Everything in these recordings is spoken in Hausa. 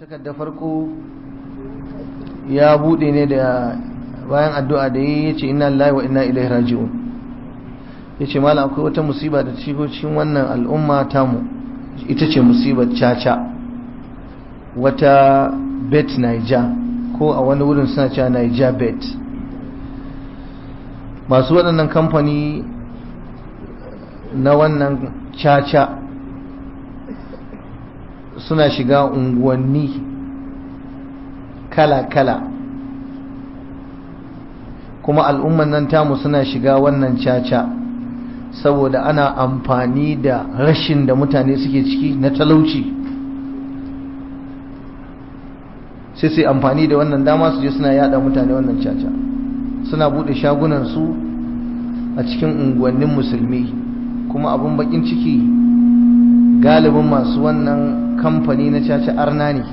takarda farko ya bude ne da bayan addu'a da ya ce inna lillahi wa inna ilaihi raji'un yace malam akwai wata musiba da cikin cikin wannan al'umma tamu ita ce musibar caca wata bet naija ko a wani wurin suna cewa naija bet masu waɗannan kamfani na wannan caca suna shiga unguwanni kala-kala kuma al'umman nan tamu suna shiga wannan caca saboda ana amfani da rashin da mutane suke ciki na talauci sai sai amfani da wannan dama su je suna yada mutane wannan caca suna bude shagunansu a cikin unguwannin musulmi kuma abin bakin ciki galibin masu wannan kamfani na caca arna ne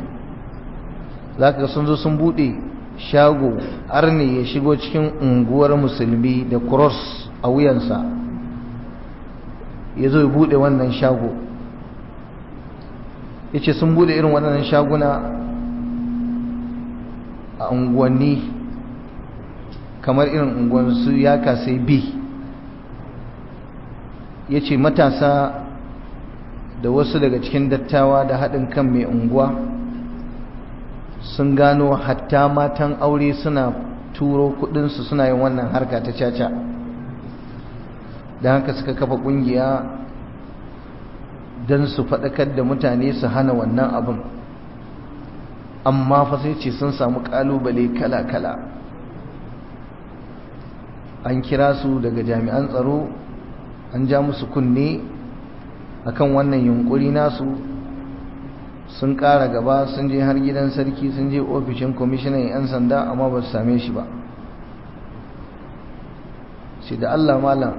za ka sun zo sun buɗe shago arne ya shigo cikin unguwar musulmi da cross a wuyansa ya zo ya buɗe wannan shago ya ce sun buɗe irin wannan shaguna a unguwanni kamar irin unguwansu ya kasai bi ya ce matasa da wasu daga cikin dattawa da haɗin kan mai unguwa sun gano hatta matan aure suna turo kudinsu suna yin wannan harka ta caca don haka suka kafa ƙungiya don su faɗakar da mutane su hana wannan abin amma fa sai ce sun samu ƙalubale kala-kala an kira su daga jami'an tsaro an ja musu kunne akan wannan yunkuri nasu sun ƙara gaba sun je har gidan sarki sun je ofishin kwamishinan 'yan sanda amma ba su same shi ba sai da allah malam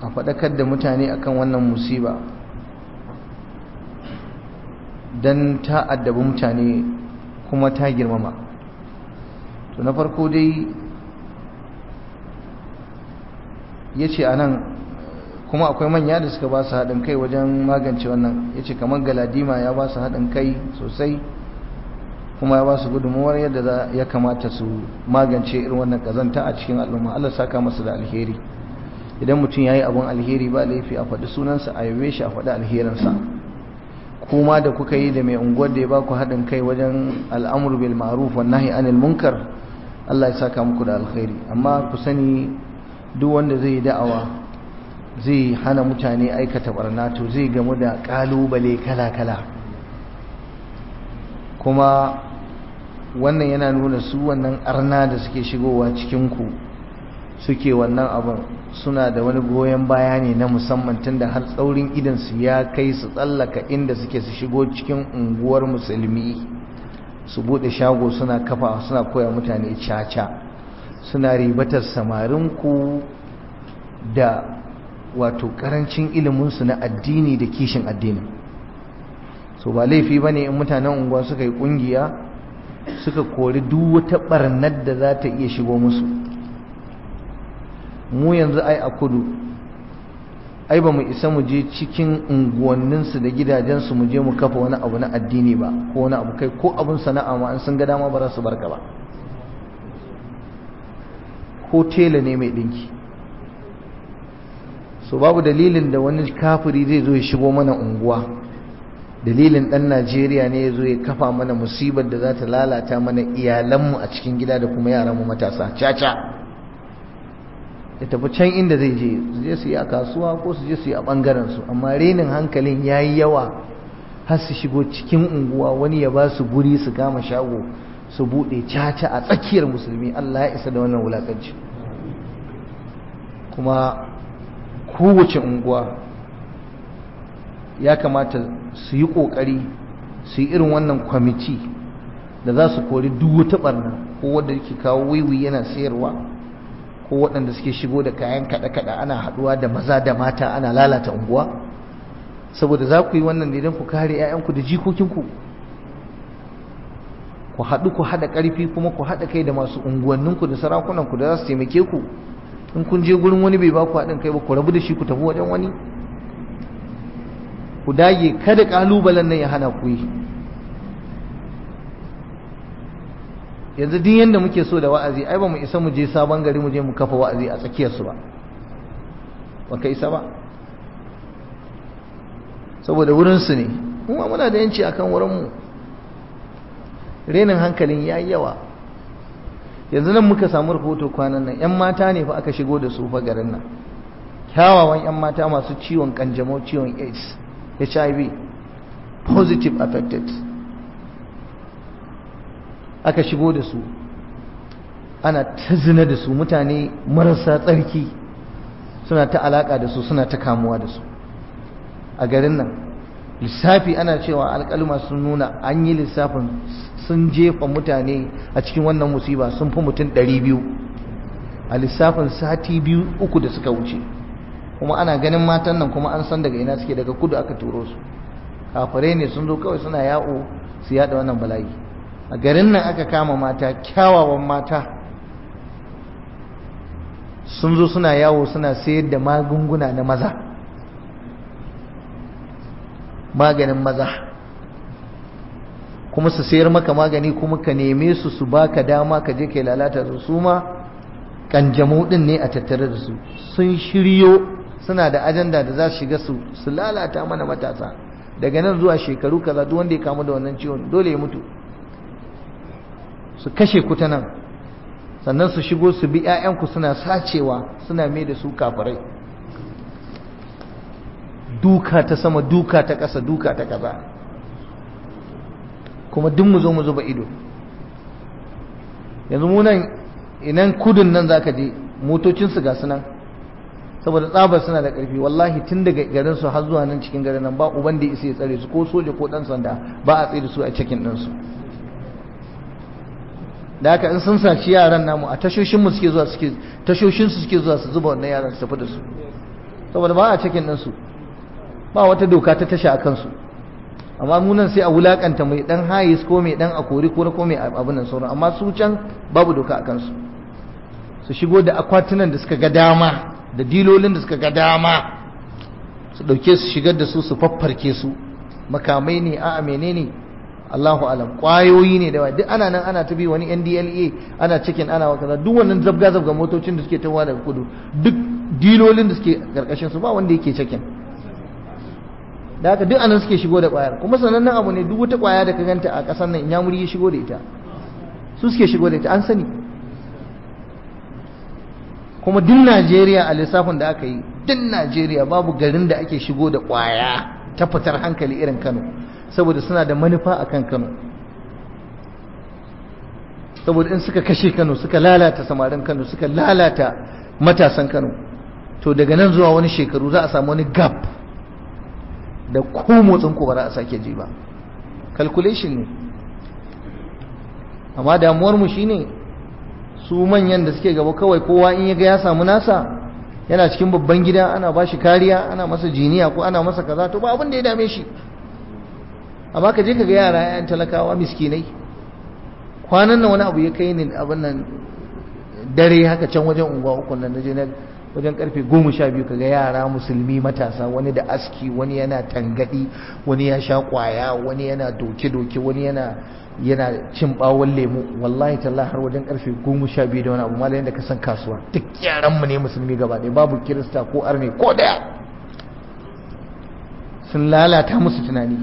a faɗakar da mutane akan wannan musiba don ta addabi mutane kuma ta girmama to na farko dai ya ce a nan kuma akwai manya da suka ba su haɗin kai wajen magance wannan ya ce kamar galadima ya ba su haɗin kai sosai kuma ya ba su gudunmuwar yadda ya kamata su magance irin wannan ƙazanta a cikin al'umma allah saka masu da alheri idan mutum ya yi abin alheri ba laifi a faɗi sunansa a yabe shi a faɗi alherinsa kuma da kuka yi da mai unguwar da ya ba ku haɗin kai wajen al'amur bil ma'ruf wannan hi anil munkar Allah ya saka muku da alheri, amma ku sani duk wanda zai yi da'awa zai hana mutane aikata barna to zai gamu da kalubale kala-kala kuma wannan yana nuna su wannan arna da suke shigowa cikinku suke wannan abin suna da wani goyon baya ne na musamman tunda har tsaurin idansu ya kai su tsallaka inda suke su shigo cikin unguwar musulmi su bude shago suna kafa suna koya mutane caca suna ribatar samarinku da wato karancin iliminsu na addini da kishin addini so ba laifi ba ne in mutanen unguwa suka yi ƙungiya suka kori duk wata ɓarnar da za ta iya shigo musu mu yanzu ai a kudu ai ba mu isa mu je cikin unguwanninsu da gidajensu mu je mu kafa wani abu na addini ba ko wani abu kai ko abun sana'a ma an sun ga dama ba za su barka ba ko tela ne mai ɗinki so babu dalilin da wani kafiri zai zo ya shigo mana unguwa dalilin dan najeriya ne ya zo ya kafa mana musibar da za ta lalata mana iyalanmu a cikin gida da kuma yaran mu matasa caca ya tafi can inda zai je su je su yi a kasuwa ko su je su yi a su amma renin hankalin ya yi yawa har su shigo cikin unguwa wani ya ba su guri su gama shago su buɗe caca a tsakiyar musulmi allah ya isa da wannan wulakanci kuma kowace unguwa ya kamata su yi ƙoƙari su yi irin wannan kwamiti da za su kori duk wata barna ko wadda yake kawo wiwi yana sayarwa ko waɗanda suke shigo da kayan kaɗe-kaɗe ana haɗuwa da maza da mata ana lalata unguwa saboda za ku yi wannan ne don ku kare 'ya'yanku da jikokinku ku haɗu ku haɗa ƙarfi kuma ku haɗa kai da masu unguwanninku da sarakunanku da za su taimake ku in kun je gurin wani bai ba ku haɗin kai ba ku rabu da shi ku tafi wajen wani ku dage kada ƙalubalen nan ya hana ku yi yanzu duk yadda muke so da wa'azi ai ba mu isa mu je sabon gari mu je mu kafa wa'azi a tsakiyarsu ba ba ka isa ba saboda wurinsu ne kuma muna da yanci akan wurin mu. renin hankalin ya yi yawa yanzu nan muka samu rahoto kwanan nan yan mata ne fa aka shigo da su fa garin nan kyawawan yan mata masu ciwon kanjamau ciwon AIDS HIV positive affected aka shigo da su ana ta zina da su mutane marasa tsarki suna ta alaka da su suna ta kamuwa da su a garin nan lissafi ana cewa alƙaluma sun nuna an yi lissafin sun jefa mutane a cikin wannan musiba sun fi mutum biyu. a lissafin sati biyu uku da suka wuce kuma ana ganin matan nan kuma an san daga ina suke daga kudu aka turo su kafare ne sun zo kawai suna yawo su yada wannan bala'i a garin nan aka kama mata kyawawan mata sun zo suna yawo suna sayar da magunguna na maza maganin maza kuma su sayar maka magani kuma ka neme su su baka dama ka je ka lalata su su ma kanjamu din ne a tattare da su sun shiryo suna da ajanda da za su shiga su su lalata mana matasa daga nan zuwa shekaru kaza duk wanda ya kamu da wannan ciwon dole ya mutu su kashe ku ta nan sannan su shigo su bi 'ya'yanku suna sacewa suna mai da su kafirai duka ta sama duka ta ƙasa duka ta ƙasa kuma duk mu zo mu zuba ido yanzu mu nan inan kudin nan za ka je motocin su ga su nan saboda tsabar suna da ƙarfi wallahi tun daga garin su har zuwa nan cikin garin nan ba uban da isa ya tsare su ko soja ko dan sanda ba a tsare su a cikin ɗin su da haka in sun saci yaran namu a tashoshin mu suke zuwa suke tashoshin su suke zuwa su zuba wannan yaran su tafi da su saboda ba a cikin ɗin su ba wata doka ta tasha a kansu amma munan sai a wulakanta mai dan hayis ko mai dan akori ko ko mai abu nan sauran amma su can babu doka a kansu su shigo da akwatunan da suka ga dama da dilolin da suka ga dama su dauke su shigar da su su faffarke su makamai ne a'a menene Allahu alam kwayoyi ne da duk ana nan ana ta bi wani NDLA e, ana cikin ana wa kaza duk wannan zabga zabga motocin da suke tawa daga kudu duk dilolin da suke karkashin su ba wanda yake cikin da haka duk anan suke shigo da ƙwayar kuma sanannen abu ne duk wata kwaya da ka ganta a kasan nan ya muri shigo da ita su suke shigo da ita an sani kuma duk najeriya a lissafin da aka yi duk najeriya babu garin da ake shigo da kwaya ta fitar hankali irin kano saboda suna da manufa a kan kano saboda in suka kashe kano suka lalata samarin kano suka lalata matasan kano to daga nan zuwa wani shekaru za a samu wani gap da ko motsin ku ba za a sake ji ba calculation ne amma damuwar mu shine su manyan da suke gaba kawai kowa in ya ga ya samu nasa yana cikin babban gida ana ba shi kariya ana masa jiniya ko ana masa kaza to ba abin da ya dame shi amma ka je ka ga yara yan talakawa miskinai kwanan nan wani abu ya kai ni abin nan dare haka can wajen unguwa uku nan naje wajen karfe goma sha biyu kaga yara musulmi matasa wani da aski wani yana tangadi wani ya sha kwaya wani yana doke-doke wani yana yana cin bawon lemu wallahi talla har wajen karfe goma sha biyu da wani abu malayin da ka san kasuwa duk yaran mu ne musulmi gaba ɗaya babu kirista ko arne ko daya sun lalata musu tunani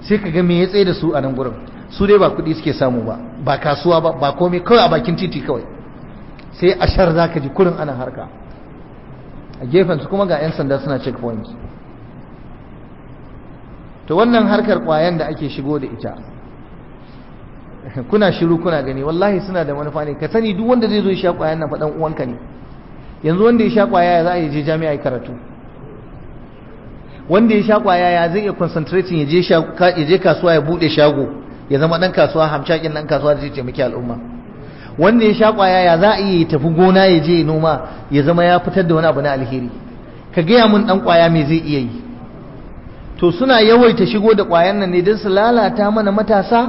sai ka ga me ya tsaye da su a nan gurin su dai ba kuɗi suke samu ba ba kasuwa ba ba komai kawai a bakin titi kawai sai a ashar zaka ji kurin ana harka a gefen su kuma ga 'yan sanda suna checkpoint to wannan harkar kwayan da ake shigo da ita kuna shiru kuna gani wallahi suna da manufa ne ka sani duk wanda zai zo ya sha kwayan nan faɗan uwanka ne yanzu wanda ya sha kwaya za a je jami'a karatu wanda ya sha kwaya ya zai iya concentrating ya je kasuwa ya bude shago ya zama ɗan kasuwa hamshakin ɗan kasuwa da zai taimaki al'umma wanda ya sha kwaya ya za a iya tafi gona ya je noma ya zama ya fitar da wani abu na alheri ka gaya mun ɗan kwaya me zai iya yi to suna yawaita shigo da kwayan nan ne don su lalata mana matasa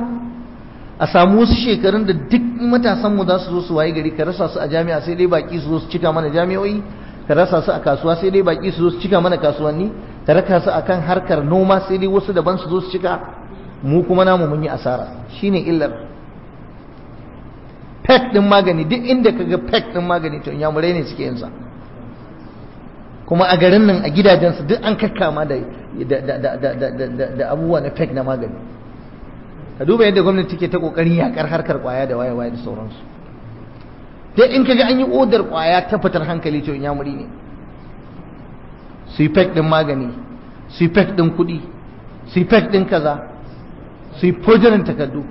a samu wasu shekarun da duk matasanmu za su zo su waye gari ka rasa su a jami'a sai dai baki su zo su cika mana jami'o'i ka rasa su a kasuwa sai dai baki su zo su cika mana kasuwanni ka raka su akan harkar noma sai dai wasu daban su zo su cika mu kuma namu mun yi asara shine illar pek din magani duk inda ka ga pek din magani to yamurai ne suke sa kuma a garin nan a gidajensu duk an kakkama da da abubuwa na pek na magani ka duba yadda gwamnati take ta kokarin yakar harkar kwaya da waye waye da sauransu duk in kaga an yi odar kwaya ta fitar hankali to yamuri ne su yi pek din magani su yi pek din kuɗi su yi pek din kaza su yi fojirin takardu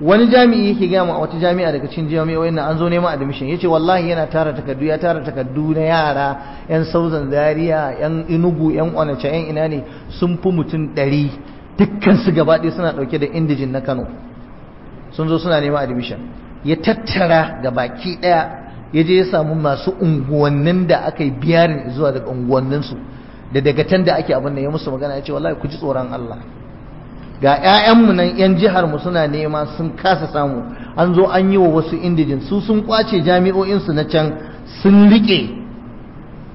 wani jami'i yake gaya a wata jami'a daga cikin jami'o'in nan an zo neman admission yace wallahi yana tara takardu ya tara takardu na yara yan sauzan zaria yan inugu yan onacha yan ina ne sun fi mutum ɗari dukkan su gaba ɗaya suna ɗauke da indijin na kano sun zo suna neman admission ya tattara ga baki ɗaya ya je ya samu masu unguwannin da aka yi biyarin zuwa daga unguwanninsu da daga da ake abin da ya musu magana ya ce wallahi ku ji tsoron Allah ga 'ya'yanmu nan 'yan jiharmu suna nema sun kasa samu an zo an yi wa wasu indijin su sun kwace jami'o'insu na can sun liƙe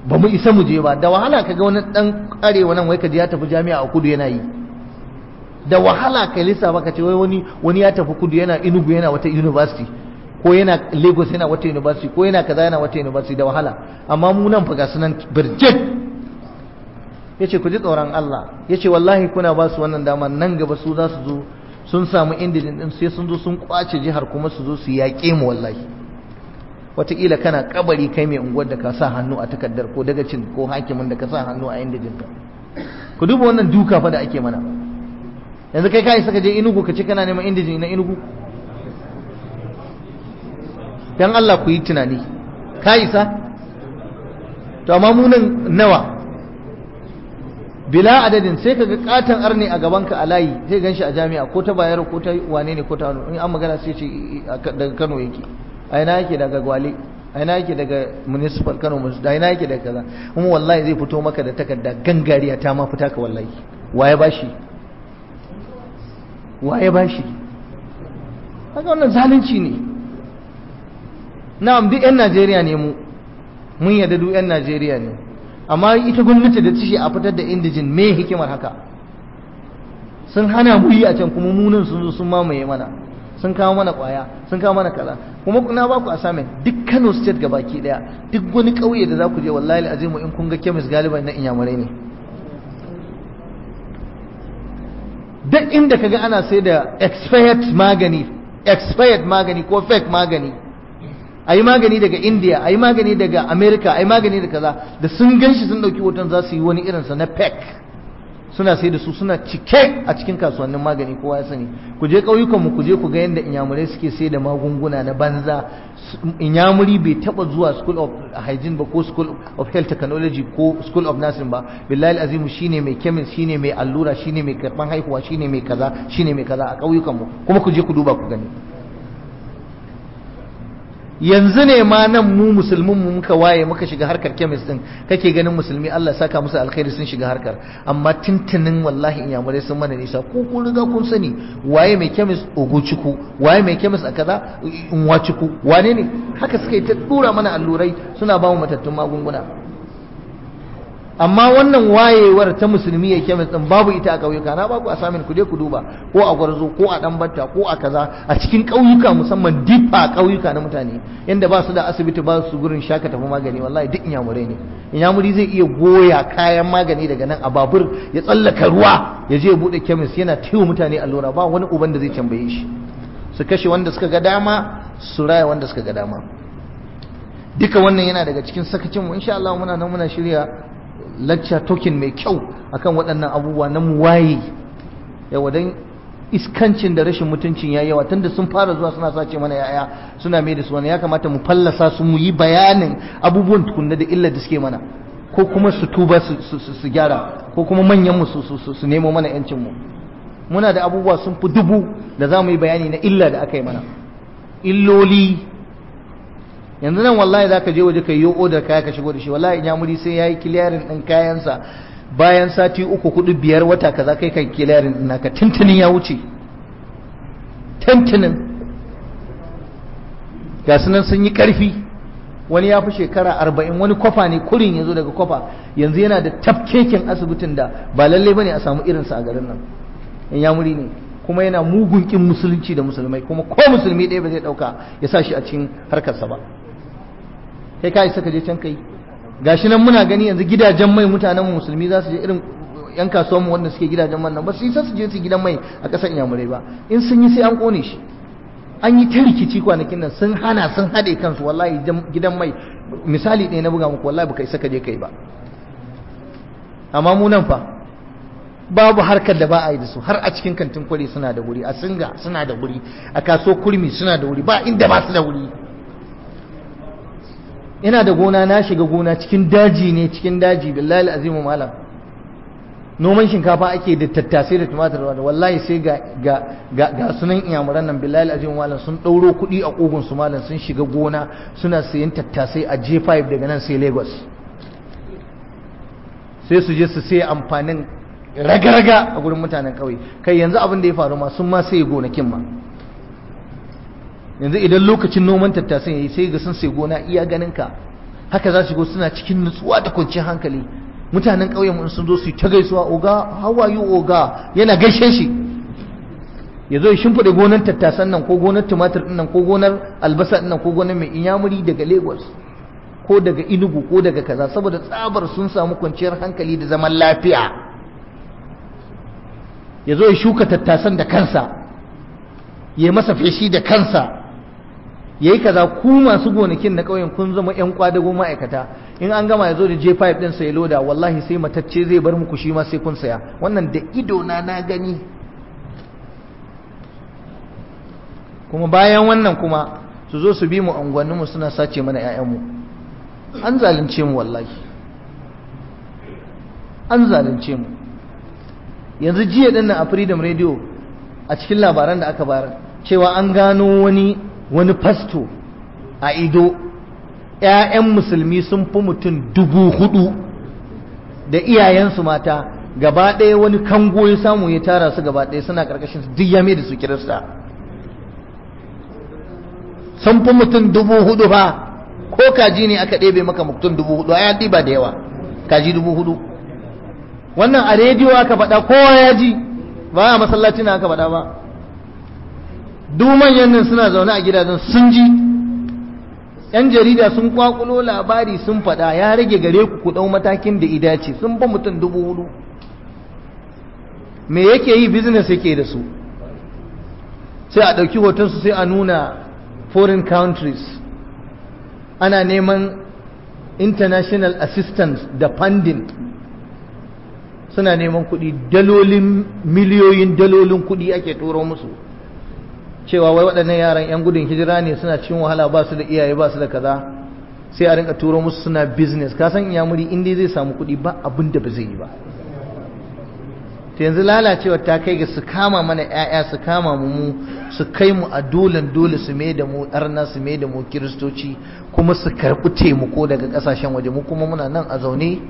ba mu isa mu je ba da wahala ka ga wani ɗan arewa nan wai ka je ya tafi jami'a a kudu yana yi da wahala ka lisa ba ka ce wai wani wani ya tafi kudu yana inugu yana wata university ko yana lagos yana wata university ko yana kaza yana wata university da wahala amma mu nan fa ga sunan birjit yace ku ji tsoron Allah yace wallahi kuna ba su wannan dama nan gaba su za su zo sun samu indijin din sai sun zo sun kwace jihar kuma su zo su yaƙe mu wallahi wataƙila kana kabari kai mai unguwar da ka sa hannu a takardar ko dagacin ko hakimin da ka sa hannu a indijin ka ku duba wannan duka fa da ake mana yanzu kai kai saka je inugu ka ce kana neman indijin na inugu dan Allah ku yi tunani ka sa, to amma mu nan nawa bila adadin sai kaga katon arne a gaban ka a layi zai ganshi a jami'a ko ta bayero ko ta wane ne ko ta in an magana sai ce daga Kano yake a ina yake daga Gwale a ina yake daga municipal Kano A ina yake daga kaza kuma wallahi zai fito maka da takarda gangariya ta ma fita ka wallahi waye bashi waye bashi kaga wannan zalunci ne na'am duk yan Najeriya ne mu mun yadda duk yan Najeriya ne amma ita gwamnati da tashi a fitar da indijin me hikimar haka sun hana mu yi a can kuma munin sun zo sun mamaye mana sun kawo mana kwaya sun kawo mana kaza kuma na ba ku assignment duk Kano state ga baki daya duk wani kauye da za ku je wallahi azimu in kun ga chemist galiban na inyamurai ne duk inda ka ga ana sai da expired magani expired magani ko fake magani a yi magani daga india a yi magani daga america a yi magani da kaza da sun ganshi sun ɗauki hoton za su yi wani irinsa na pec suna sai da su suna cike a cikin kasuwannin magani kowa ya sani ku je ƙauyukanmu ku je ku ga yadda inyamurai suke sai da magunguna na banza inyamuri bai taba zuwa school of hygiene ba ko school of health technology ko school of nursing ba billahi azimu shine mai chemist shine mai allura shine mai karban haihuwa shine mai kaza shine mai kaza a ƙauyukanmu kuma ku je ku duba ku gani yanzu ne ma nan mu musulmin mu muka waye muka shiga harkar kemis din kake ganin musulmi Allah saka musu alkhairi sun shiga harkar amma tintinin wallahi in ya inyamurai sun mana nisa ku ku riga kun sani waye mai kemis ogochiku waye mai kemis a kaza in ciku wane ne haka suka yi ta dura mana allurai suna ba mu matattun magunguna amma wannan wayewar ta musulmi ya kemis din babu ita a ƙauyuka na babu a samin ku je ku duba ko a gwarzo ko a dan batta, ko a kaza a cikin ƙauyuka musamman dipa ƙauyuka na mutane inda ba su da asibiti ba su gurin shaka tafi magani wallahi duk inyamurai ne inyamuri zai iya goya kayan magani daga nan a babur ya tsallaka ruwa ya je ya buɗe kemis yana taiwa mutane allura ba wani uban da zai tambaye shi su kashe wanda suka ga dama su raya wanda suka ga dama duka wannan yana daga cikin sakacin mu insha Allah muna nan muna shirya Lacca token mai kyau akan waɗannan abubuwa na muwaye yawa don iskancin da rashin mutuncin ya yawa tunda sun fara zuwa suna sace mana yaya suna mai da su wani ya kamata mu fallasa su mu yi bayanin abubuwan tukunna da illa da suke mana ko kuma su tuba su gyara ko kuma manyan mu su nemo mana yancin mu muna da abubuwa sun fi dubu da za mu yi bayani na illa da aka yi mana illoli yanzu nan wallahi zaka je waje ka yi odar kaya ka shigo da shi wallahi in muri sai yayi clearing din kayansa bayan sati uku hudu biyar wata kaza kai kan clearing din naka tintinin ya wuce tintinin ga sunan sun yi karfi wani ya fi shekara arba'in wani kwafa ne kurin ya zo daga kwafa yanzu yana da tafkekin asibitin da ba lallai bane a samu irinsa a garin nan in yamuri ne kuma yana mugun kin musulunci da musulmai kuma ko musulmi ɗaya ba zai ɗauka ya sa shi a cikin harkarsa ba kai ka je can kai gashi nan muna gani yanzu gidajen mai mutanen musulmi za su je irin yan kasuwanmu mu wanda suke gidajen man nan ba su isa su je su gidan mai a ƙasar inyamurai ba in sun yi sai an kone shi an yi ta rikici kwanakin nan sun hana sun haɗe kansu wallahi gidan mai misali ɗaya na buga muku wallahi baka isa ka je kai ba amma mu nan fa babu harkar da ba a yi da su har a cikin kantin kwari suna da wuri a singa suna da wuri a kaso kurmi suna da wuri ba inda ba su da wuri ina da gona na shiga gona cikin daji ne cikin daji billahi azimu malam noman shinkafa ake da tattasai da tumatir da wallahi sai ga ga ga, sunan iyamuran nan billahi azimu malam sun ɗauro kuɗi a kogon su malam sun shiga gona suna sayan tattasai a J5 daga nan sai Lagos sai su je su sai amfanin ragaraga a gurin mutanen ƙauye kai yanzu abin da ya faru ma sun ma sai gonakin ma yanzu idan lokacin noman tattasin yayi sai ga sun sai gona iya ganin ka haka za su go suna cikin nutsuwa da kwanciyar hankali mutanen ƙauyen mun sun zo su ta gaisuwa oga how are you oga yana gaishe shi ya zo ya shimfiɗa gonar tattasan nan ko gonar tumatir nan ko gonar albasa nan ko gonar mai inyamuri daga lagos ko daga inugu ko daga kaza saboda tsabar sun samu kwanciyar hankali da zaman lafiya ya zo ya shuka tattasan da kansa ya masa feshi da kansa yayi kaza ku masu gonakin na ƙauyen kun zama ƴan kwadago ma'aikata in an gama ya zo da J5 din sai loda wallahi sai matacce zai bar muku shi ma sai kun saya wannan da ido na na gani kuma bayan wannan kuma su zo su bi mu unguwanninmu suna sace mana 'ya'yanmu an zalunce mu wallahi an zalunce mu yanzu jiya din na a freedom radio a cikin labaran da aka bayar cewa an gano wani wani fasto a ido 'ya'yan musulmi sun fi mutum dubu hudu da iyayensu mata gaba ɗaya wani kango ya samu ya tara su gaba ɗaya suna ƙarƙashin su duk yame da su kirista sun fi mutum dubu hudu ba ko kaji ne aka ɗebe maka mutum dubu hudu a ba da yawa kaji dubu hudu wannan a rediyo aka faɗa kowa ya ji ba a masallaci na aka faɗa ba duk manyan suna zaune a gidajen sun ji yan jarida sun kwakulo labari sun faɗa ya rage gare ku ku ɗau matakin da ce sun ba mutum dubu hudu me yake yi business yake da su sai a ɗauki hotonsu sai a nuna foreign countries ana neman international assistance da funding suna neman kuɗi dalolin miliyoyin dalolin kuɗi ake turo musu cewa wai waɗannan yaran 'yan gudun hijira ne suna cin wahala ba su da iyaye ba su da kaza sai a rinka turo musu suna business ka san yamuri in dai zai samu kuɗi ba abin da ba zai yi ba ta yanzu lalacewa ta kai ga su kama mana 'ya'ya su kama mu mu su kai mu a dolen dole su mai da mu arna su mai da mu kiristoci kuma su karɓi taimako daga ƙasashen waje mu kuma muna nan a zaune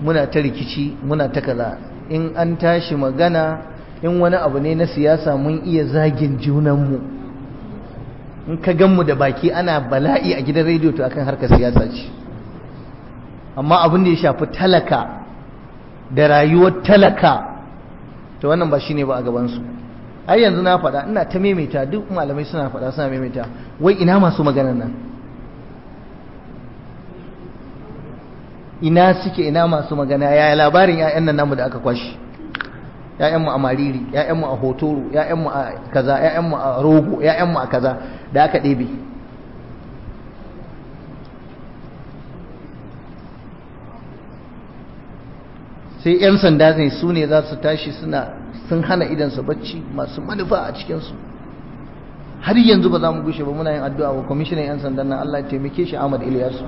muna ta rikici muna ta kaza in an tashi magana in wani abu ne na siyasa mun iya zagin junanmu in ka ganmu da baki ana bala'i a gidan rediyo to akan harkar siyasa ce amma abin da ya shafi talaka da rayuwar talaka to wannan ba shine ba a gabansu ai yanzu na faɗa ina ta maimaita duk malamai suna faɗa suna maimaita wai ina masu maganar nan ina suke ina masu magana yaya labarin 'ya'yan nan namu da aka kwashi 'ya'yanmu a mariri 'ya'yanmu a hotoro 'ya'yanmu a kaza 'ya'yanmu a rogo 'ya'yanmu a kaza da aka ɗebe sai 'yan sanda ne su ne za su tashi suna sun hana idansa bacci masu manufa a cikinsu har yanzu ba za mu gushe ba muna yin addu'a wa kwamishinan 'yan sandan nan Allah taimake shi Ahmad Ilyasu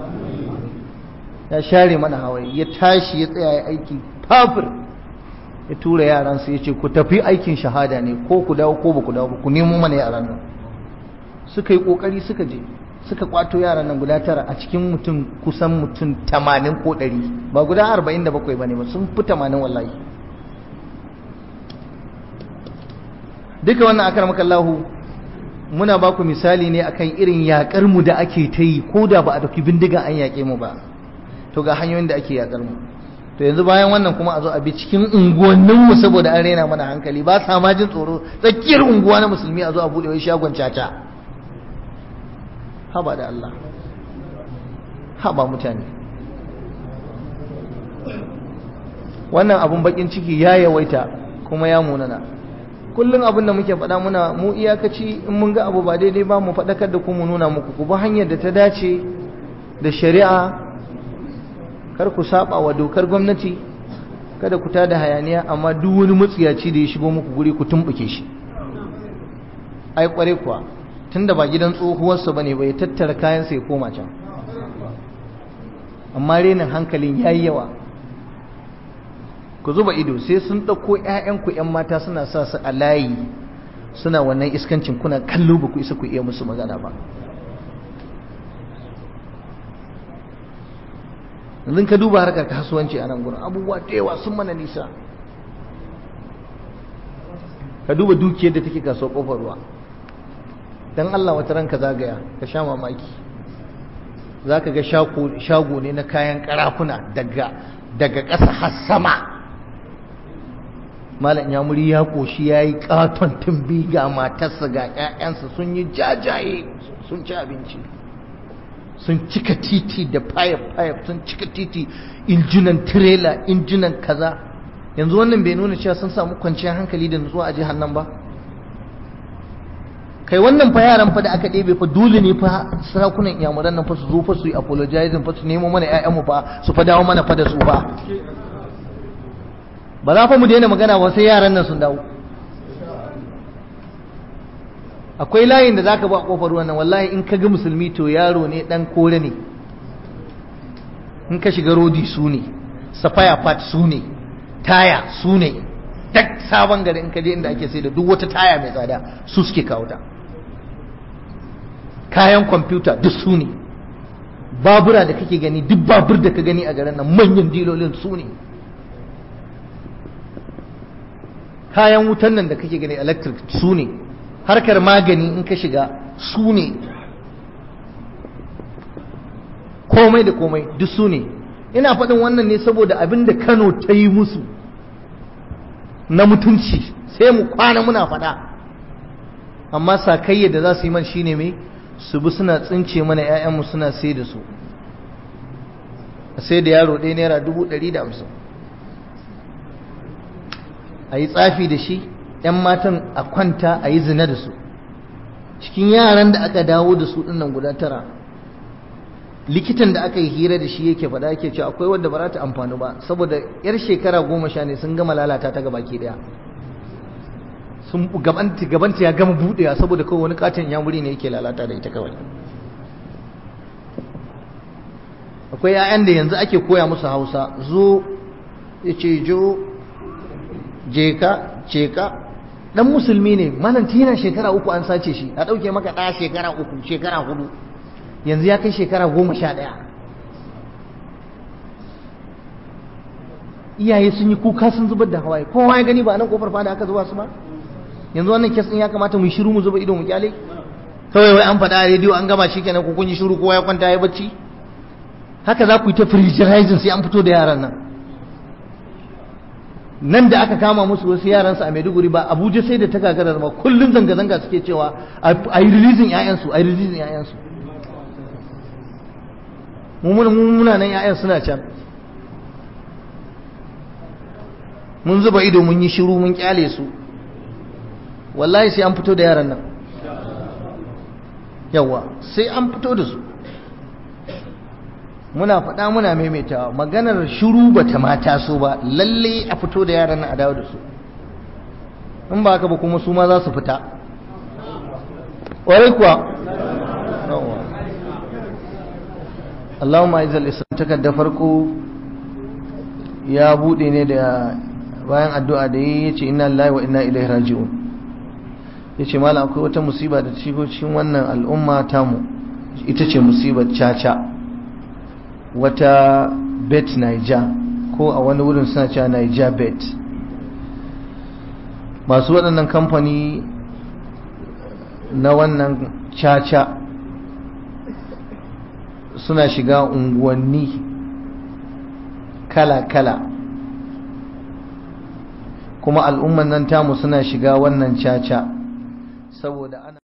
ya share mana hawaye ya tashi ya tsaya ya aiki fafir ya tura yaran su yace ku tafi aikin shahada ne ko ku dawo ko ba ku dawo ku nemo mana yaran nan suka yi kokari suka je suka kwato yaran nan guda tara a cikin mutum kusan mutum tamanin ko ɗari ba guda arba'in da bakwai ba ne ba sun fi tamanin wallahi duka wannan akar makallahu muna ba ku misali ne akan irin yakar mu da ake ta yi ko da ba a dauki bindiga an yaƙe mu ba to ga hanyoyin da ake yakar mu to yanzu bayan wannan kuma a zo a bi cikin unguwanninmu saboda an rena mana hankali ba sa ma jin tsoro tsakiyar unguwa na musulmi a zo a buɗe wai shagon caca haba da Allah haba mutane wannan abun bakin ciki ya yawaita kuma ya munana kullum abin da muke faɗa muna mu iyakaci in mun ga abu ba daidai ba mu faɗakar da ku mu nuna muku ku bi hanyar da ta dace da shari'a kar ku saba wa dokar gwamnati kada ku tada hayaniya amma duk wani matsiyaci da ya shigo muku guri ku tumbuke shi ai kware kuwa tunda ba gidan tsohuwarsa bane bai tattara kayan ya koma can amma renin hankalin yayi yawa ku zuba ido sai sun ɗauko 'ya'yanku 'yan mata suna sa su a layi suna wannan iskancin kuna kallo ba ku isa ku iya musu magana ba yanzu ka duba harkar kasuwanci a nan gurin abubuwa da yawa sun mana nisa ka duba dukiyar da take kasuwar kofar ruwa dan Allah wata ranka zagaya ka sha mamaki za ka ga shago ne na kayan karafuna daga daga ƙasa har sama malam ya muri ya koshi ya yi katon tumbi ga matarsa ga 'ya'yansa sun yi jajaye sun ci abinci sun cika titi da fayaf-fayaf sun cika titi injinan tirela injinan kaza yanzu wannan bai nuna cewa sun samu kwanciyar hankali da nutsuwa a jihar nan ba kai wannan fa yaran fa da aka ɗebe fa dole ne fa sarakunan iyamuran nan fa su zo fa su yi apologizing fa su nemo mana ƴaƴanmu fa su fa dawo mana fa da su fa ba za fa mu daina magana ba sai yaran nan sun dawo akwai layin da zaka bi a kofar ruwan nan wallahi in ka ga musulmi to yaro ne dan kore ne in ka shiga rodi su ne safaya part su ne taya su ne duk sabon gari in ka je inda ake sai da duk wata taya mai tsada su suke kawo ta kayan kwamfuta duk su ne babura da kake gani duk babur da ka gani a garin nan manyan dilolin su ne kayan wutan nan da kake gani electric su ne harkar magani in ka shiga su ne komai da komai duk su ne ina faɗin wannan ne saboda abin da kano ta yi musu na mutunci sai mu kwana muna faɗa amma sakayya da za su yi man shine mai su bi suna tsince mana 'ya'yanmu suna sai da su a sai da yaro ɗaya naira dubu ɗari da hamsin a yi tsafi da shi 'yan matan a kwanta a yi zina da su cikin yaran da aka dawo da su dinnan guda tara likitan da aka yi hira da shi yake faɗa yake cewa akwai wanda ba za ta amfani ba saboda yar shekara goma sha ne sun gama lalata ta gaba ke daya sun gabanta gabanta ya gama buɗewa saboda kawai wani katin ya wuri ne yake lalata da ita kawai akwai 'ya'yan da yanzu ake koya musu hausa zo ya ce jo je ka ce ka dan musulmi ne malam tina shekara uku an sace shi a ɗauke maka ɗaya shekara uku shekara hudu yanzu ya kai shekara goma sha ɗaya iyaye sun yi kuka sun zubar da hawaye kowa ya gani ba nan kofar fada aka zuba su ba yanzu wannan kes ɗin ya kamata mu shiru mu zuba ido mu kyale kawai wai an faɗa a rediyo an gama shi kenan ko kun yi shiru kowa ya kwanta ya bacci haka za ku yi ta firgijin sai an fito da yaran nan nan da aka kama musu wasu yaransu a Maiduguri ba Abuja sai da ta gagara ma kullum zanga-zanga suke cewa a yi rilizin 'ya'yansu a yi rilizin 'ya'yansu muna nan 'ya'yan suna can mun zuba ido mun yi shiru mun kyale su wallahi sai an fito da yaran nan yawa sai an fito da su muna faɗa muna maimaitawa maganar shiru bata mata so ba lalle a fito da yaran a dawo da su in ba haka ba kuma su ma za su fita ƙwarai kuwa اللهم Isa الاسلام takardar farko ya bude ne da bayan addu'a da yi ce ina lai wa inna ilaihi raji'un ce malam akwai wata musiba da cikin wannan al'umma tamu ita ce musibar caca wata bet niger ko a wani wurin suna cewa niger bet masu waɗannan kamfani na wannan caca suna shiga unguwanni kala-kala kuma al'umman nan tamu suna shiga wannan caca saboda ana